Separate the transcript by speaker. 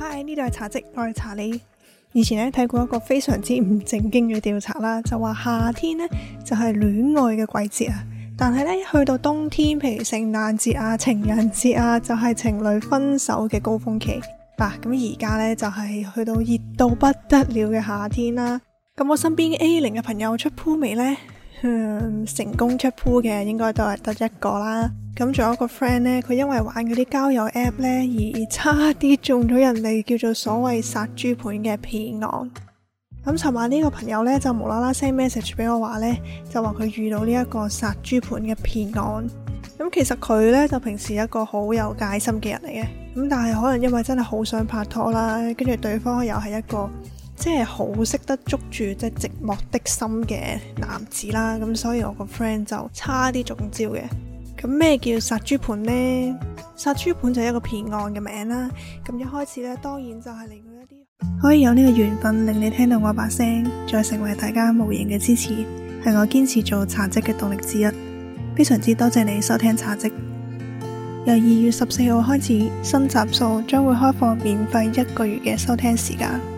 Speaker 1: Hi，呢度係茶迹，我係茶你。以前咧睇過一個非常之唔正經嘅調查啦，就話夏天咧就係、是、戀愛嘅季節啊，但係咧去到冬天，譬如聖誕節啊、情人節啊，就係、是、情侶分手嘅高峰期，嗱、啊，咁而家呢，就係、是、去到熱到不得了嘅夏天啦。咁我身邊 A 零嘅朋友出 pool 未呢？嗯、成功出鋪嘅應該都係得一個啦。咁仲有一個 friend 呢，佢因為玩嗰啲交友 app 呢，而差啲中咗人哋叫做所謂殺豬盤嘅騙案。咁、嗯、尋晚呢個朋友呢，就無啦啦 send message 俾我話呢，就話佢遇到呢一個殺豬盤嘅騙案。咁、嗯、其實佢呢，就平時一個好有戒心嘅人嚟嘅，咁但係可能因為真係好想拍拖啦，跟住對方又係一個。即係好識得捉住即係寂寞的心嘅男子啦，咁所以我個 friend 就差啲中招嘅。咁咩叫殺豬盤呢？殺豬盤就係一個騙案嘅名啦。咁一開始呢，當然就係令到一啲可以有呢個緣分，令你聽到我把聲，再成為大家無形嘅支持，係我堅持做茶職嘅動力之一。非常之多謝你收聽茶職。由二月十四號開始，新集數將會開放免費一個月嘅收聽時間。